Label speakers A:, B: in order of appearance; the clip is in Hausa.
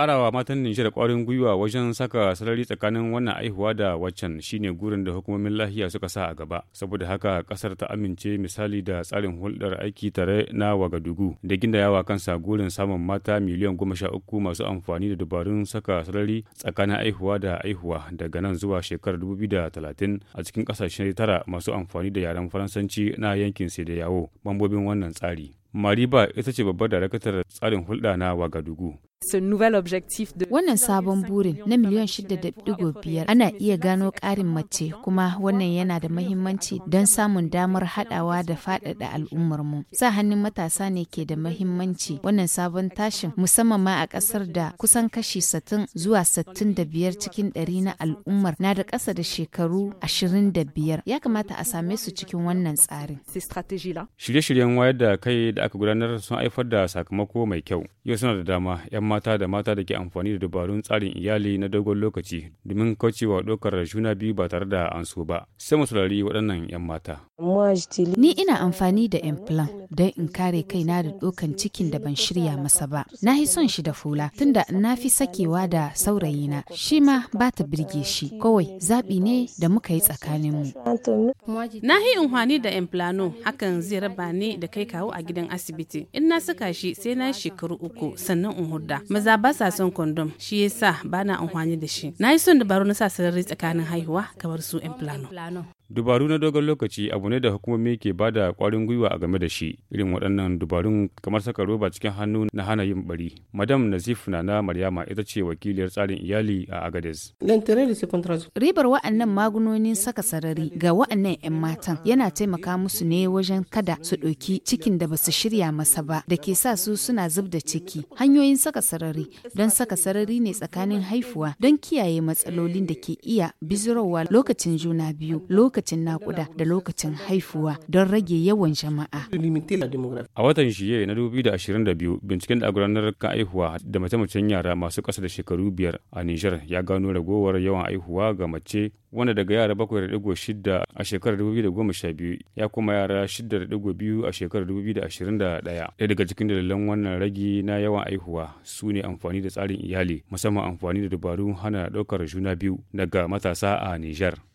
A: karawa matan Nijar kwarin gwiwa wajen saka sarari tsakanin wannan aihuwa da waccan shine gurin da hukumomin lahiya suka sa a gaba. Saboda haka kasar ta amince misali da tsarin hulɗar aiki tare na Wagadugu da yawa kansa gurin samun mata miliyan goma sha uku masu amfani da dabarun saka sarari tsakanin aihuwa da aihuwa daga nan zuwa shekarar dubu biyu talatin a cikin kasashen tara masu amfani da yaren Faransanci na yankin sai da yawo mambobin wannan tsari. Mariba ita ce babbar darakatar tsarin hulɗa na Wagadugu.
B: Wannan sabon burin na miliyan 6.5 ana iya gano ƙarin mace kuma wannan yana da mahimmanci don samun damar haɗawa da faɗaɗa mu. Sa hannun matasa ne ke da mahimmanci wannan sabon tashin musamman ma a ƙasar da kusan kashi 60 zuwa 65 cikin ɗari na al'ummar na da ƙasa da shekaru 25 ya kamata a same su cikin wannan tsarin.
A: Shirye-shiryen wayar da kai da aka gudanar sun haifar da sakamako mai kyau. Yau suna da dama 'yan mata da mata da ke amfani da dabarun tsarin iyali na dogon lokaci domin kaucewa ɗaukar juna biyu ba tare da an so ba. Sai mu saurari waɗannan 'yan mata.
B: Ni ina amfani da implant don in kare kaina da ɗaukan cikin da ban shirya masa ba. Na yi son shi da fula tunda na fi sakewa da saurayina shi ma ba ta birge shi kawai zaɓi ne da muka
C: yi mu Na yi amfani da implano hakan zai raba ni da kai kawo a gidan asibiti. In na saka shi sai na shekaru uku sannan in hurda maza ba sa son kondom shi yasa ba na amfani da shi na yi son dabaru na sa sarari tsakanin haihuwa kamar su yan
A: Dubaru na dogon lokaci abu ne da hukumomi ke ba da kwarin gwiwa a game da shi. Irin waɗannan dubarun kamar saka roba cikin hannu na hana yin bari. Madam Nazif Nana Maryama ita ce wakiliyar tsarin iyali a agades
B: Ribar wa'annan magunonin saka sarari ga wa'annan 'yan matan yana taimaka musu ne wajen kada su ɗauki cikin da basu shirya masa ba da ke sa su suna zub da ciki. Hanyoyin saka sarari don saka sarari ne tsakanin haifuwa don kiyaye matsalolin da ke iya bizirowa lokacin juna biyu. Lokacin lokacin nakuda da lokacin haifuwa don rage yawan jama'a.
A: A watan Shiye na 2022 binciken da gudanar kan haihuwa da mace-macen yara masu ƙasa da shekaru biyar a Nijar ya gano ragowar yawan haihuwa ga mace wanda daga yara 7.6 a shekarar 2012 ya kuma yara 6.2 a shekarar 2021. Ɗaya daga cikin dalilan wannan ragi na yawan aihuwa su ne amfani da tsarin iyali musamman amfani da dabarun hana ɗaukar juna biyu daga matasa a Nijar.